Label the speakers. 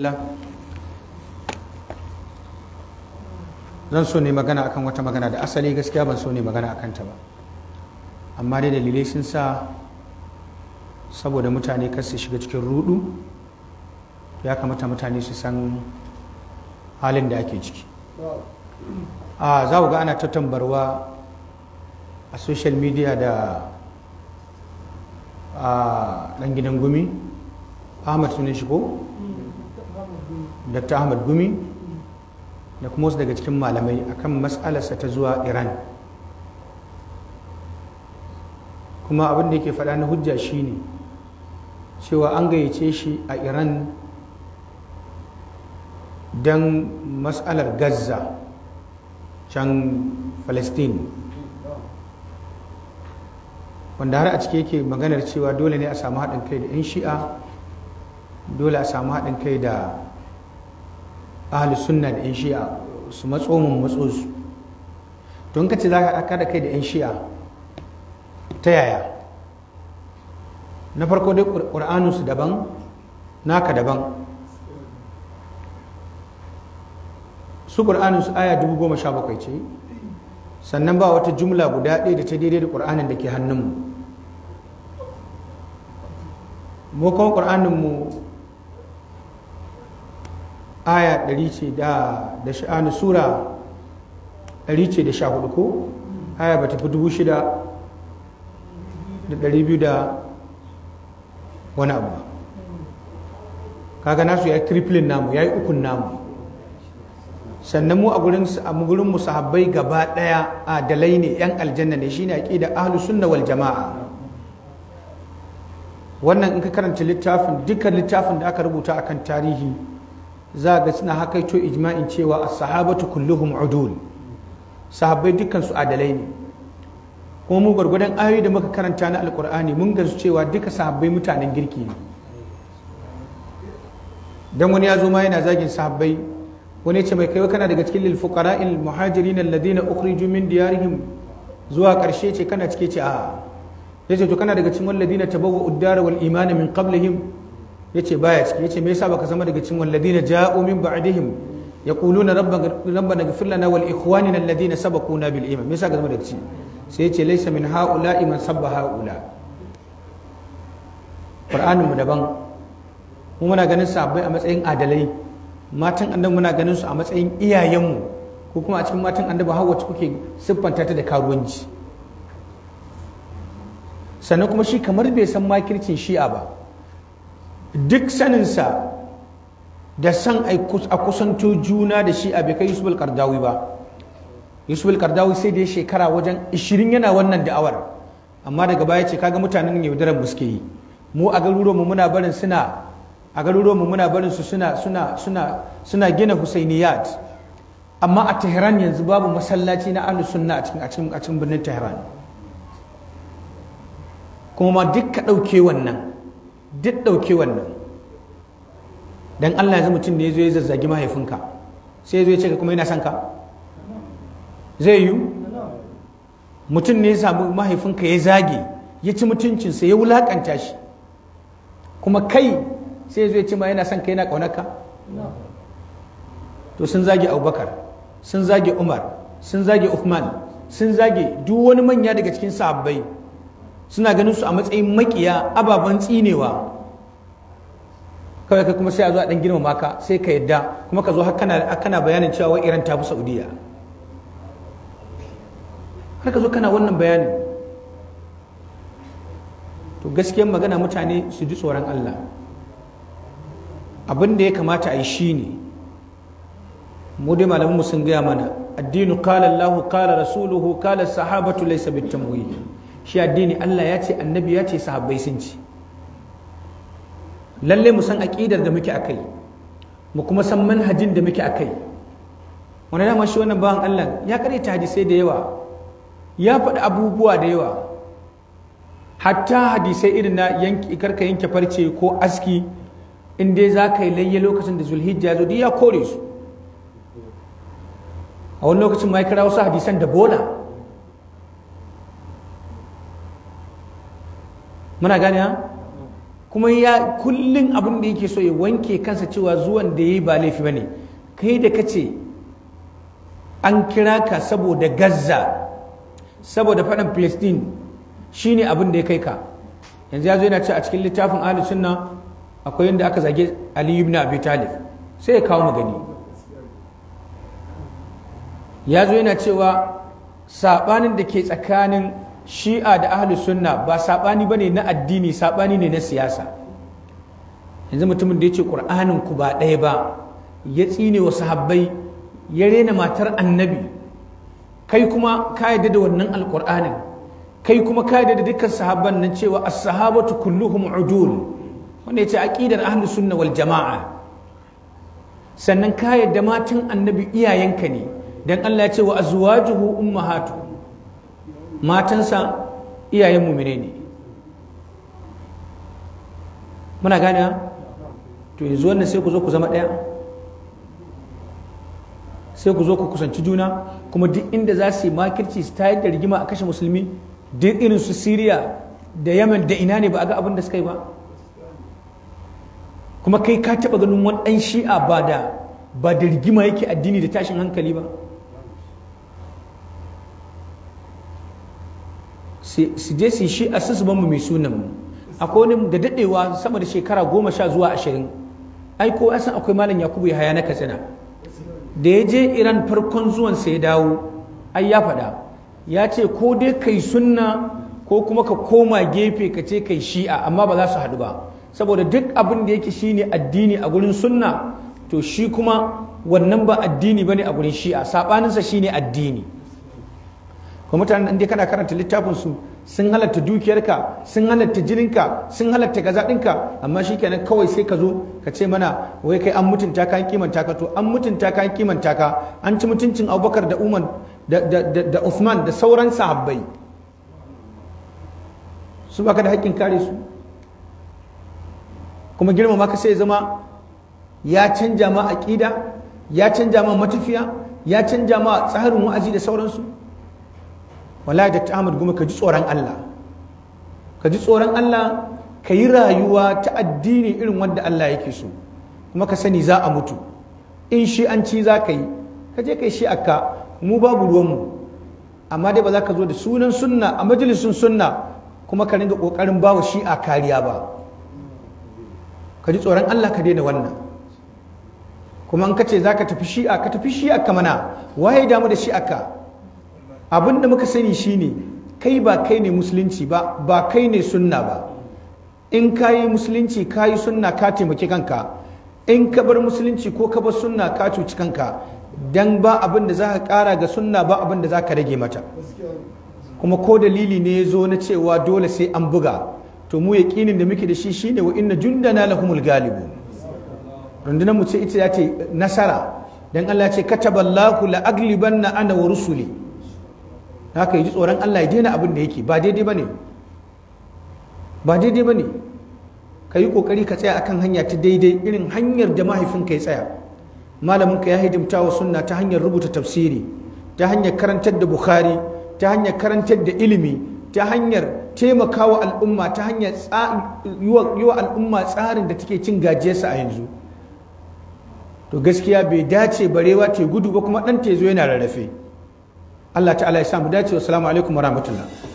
Speaker 1: Allah. zan so ne magana akan wata magana da asali gaskiya ban so ne magana akan ta ba amma dai dalilai sun sa saboda mutane kar su shiga cikin rudu ya kamata mutane su san halin da ake ciki a za ga ana ta tambarwa a social media da a ɗan gidan gumi ahmad sunan shigo. dr ahmad gumi da kuma wasu daga cikin malamai akan matsalarsa ta zuwa iran kuma abin da yake faɗa na hujja shine cewa an gayyace shi a iran don matsalar gaza can palestine wanda har a ciki yake maganar cewa dole ne a samu haɗin kai da 'yan shi'a dole a samu haɗin kai da ahli sunna da yan shi'a su matso mun matso su don ka ce za ka kada kai da yan shi'a ta yaya na farko dai su daban naka daban su su aya 17 ce sannan ba wata jumla guda ɗaya da ta daidai da ƙur'anin da ke hannunmu mu kuma ƙur'aninmu aya ɗari ce da da sha'ani ah, sura ɗari ce da sha hudu ko aya ba ta fi shida da ɗari biyu da wani abu kaga nasu ya yi triplin namu ya yi ukun namu sannan mu a gurin mu sahabbai gaba daya a dalai ne yan aljanna ne shine aqida ahlu sunna wal jamaa wannan in ka karanta littafin dukkan littafin da aka rubuta akan tarihi za ga suna hakaito ijma'in cewa a sahabatu kulluhum udul sahabbai dukkan su adalai ne kuma mu gwargwadon ayoyi da muka karanta na alkur'ani mun gansu cewa duka sahabbai mutanen girki ne dan wani ya zo ma yana zagin sahabbai wani ce mai kai kana daga cikin lil fuqara al muhajirin alladhina ukhriju min diyarihim zuwa karshe ce kana cike ce a yace to kana daga cikin na tabawwa uddara wal imana min qablihim ya ce baya ciki yace me yasa baka zama daga cikin walladina ja'u min ba'dihim yaquluna rabbana rabbana ighfir lana wal ikhwanina ko sabaquna bil iman me yasa ka zama daga ciki sai ce laysa min haula iman sabba haula qur'anin mu daban mu muna ganin sahabbai a matsayin adalai matan annabi muna ganin su a matsayin iyayenmu ko kuma a cikin matan annabi har wacce kuke siffanta ta da karuwanci sannan kuma shi kamar bai san makircin shi'a ba duk saninsa da san a kusanto juna da shi a bekai kai yusuf al-kardawi ba yusuf al-kardawi sai da ya shekara wajen 20 yana wannan da'awar amma daga baya ce kaga mutanen yaudarar muske yi mu a garuruwanmu muna barin suna a garuruwanmu muna barin su suna suna suna suna gina husainiyat amma a tehran yanzu babu masallaci na ahlus sunna a cikin a cikin birnin tehran kuma ma duk ka ɗauke wannan duk ɗauke wannan don allah yanzu mutum ne ya zo zazzagi mahaifinka sai ya zo ya ce ka kuma yana son ka zai yiwu mutum ne ya samu mahaifinka ya zage ya ci mutuncinsa ya wulakanta shi kuma kai sai ya zo ya ce ma yana son ka yana ƙaunarka to sun zage abubakar sun zage umar sun zage uthman sun zage duk wani manya daga cikin sahabbai suna ganin su a matsayin makiya ababen tsinewa kawai kai kuma sai a zo a dan girmama maka sai ka yadda kuma ka zo kana bayanin cewa wai Iran ta Saudiya har ka zo kana wannan bayanin to gaskiyar magana mutane su ji tsoron Allah abin da ya kamata a yi shi ne. mu dai malaman mu sun gaya mana addinu kala Allah kala rasuluhu kala sahabatu laysa bitamwi shi addini Allah ya ce annabi ya ce sahabbai sun ci lalle mu san aqidar da muke akai mu kuma san manhajin da muke akai wani dama shi wannan bawan Allah ya ta hadisai da yawa ya faɗi abubuwa da yawa hatta hadisai irin na yanki karka yanke farce ko aski in dai za ka yi layya lokacin da zulhijja zo ya kore su a wani lokacin ma ya kira wasu hadisan da bola muna gani ha kuma ya kullun abin da yake so ya wanke kansa cewa zuwan da yayi ba laifi ba ne kai da kace an kira ka saboda Gaza saboda faɗan Palestine shine abin da ya kai ka yanzu ya zo yana ce a cikin littafin Ahlus Sunna akwai yadda aka zage Ali ibn Abi Talib sai ya kawo magani ya zo yana cewa saɓanin da ke tsakanin shi'a da ahli sunna ba saɓani ba na addini saɓani ne na siyasa yanzu mutumin da ya ce ku ba ɗaya ba ya tsine wa sahabbai ya rena matar annabi kai kuma ka yadda da wannan alƙur'anin kai kuma ka yadda da dukkan sahabban nan cewa as-sahabatu kulluhum udul wanda ya ce aqidar ahli sunna wal jama'a sannan ka yadda matan annabi iyayenka ne dan Allah ya ce wa azwajuhu ummahatuhum matansa iyayen mumine ne muna gane to yanzu wannan sai ku zo ku zama ɗaya sai ku zo ku kusanci juna kuma duk inda za su yi makirci su tayar da rigima a kashe musulmi duk irin su siriya da yamen da ina ne ba a ga abin da suka yi ba kuma kai ka taɓa ganin wani ɗan shi'a ba da ba da rigima yake addini da tashin hankali ba su je su shi a su mu mai sunan mu akwai wani da daɗewa sama da shekara goma sha zuwa ashirin ai ko san akwai malam yakubu ya haya na katsina da ya je iran farkon zuwan sa ya dawo ai ya faɗa ya ce ko dai kai sunna ko kuma ka koma gefe ka ce kai shi'a amma ba za su haɗu ba saboda duk abin da yake shine addini a gurin sunna to shi kuma wannan ba addini ba ne a gurin shi'a saɓaninsa shine addini kuma mutanen inda kana karanta littafin su sun halatta dukiyarka sun halatta jininka sun halatta gaza ka amma shikenan kawai sai ka zo ka ce mana wai kai an mutunta ka an kimanta ka to an mutunta ka an kimanta ka an ci mutuncin Abubakar da Umar da da Uthman da sauran sahabbai su baka da haƙƙin kare su kuma girmama ka sai zama ya canja ma aƙida ya canja ma matafiya ya canja ma tsarin wa'azi da sauransu wala da ahmad kuma ka ji tsoron allah ka ji tsoron allah ka yi rayuwa ta addini irin wanda allah yake so kuma ka sani za a mutu in shi an ci za ka yi ka je ka yi shi akka mu babu ruwanmu amma dai ba za ka zo da sunan sunna a majalisun sunna kuma ka ringa kokarin bawa shi a kariya ba ka ji tsoron allah ka daina wannan kuma in ka ce za ka tafi shi'a ka tafi shi'a ka mana waye damu da shi'a ka abin da muka sani shine kai ba kai ne musulunci ba ba kai ne sunna ba in ka yi musulunci ka yi sunna ka taimaki kanka in ka bar musulunci ko ka bar sunna ka cuci kanka dan ba abin da za ka kara ga sunna ba abin da za ka rage mata kuma ko dalili ne ya zo na cewa dole sai an buga to mu yaƙinin da muke da shi shine wa inna na lahumul galibu rundunar mu ce ita ya ce nasara dan Allah ya ce kataballahu la aglibanna ana wa rusuli haka yi ji tsoron Allah ya daina abin da yake ba daidai ne ba daidai ne ka yi kokari ka tsaya akan hanya ta daidai irin hanyar da mahaifinka ya tsaya malaminka ya hidimta wa sunna ta hanyar rubuta tafsiri ta hanyar karantar da bukhari ta hanyar karantar da ilimi ta hanyar taimakawa al'umma ta hanyar yi wa al'umma tsarin da take cin gajiyarsa a yanzu to gaskiya bai dace barewa ta gudu ba kuma ɗan tezo yana rarrafe Allah ta'ala ya samu dace wa salamu alaikum wa rahmatullah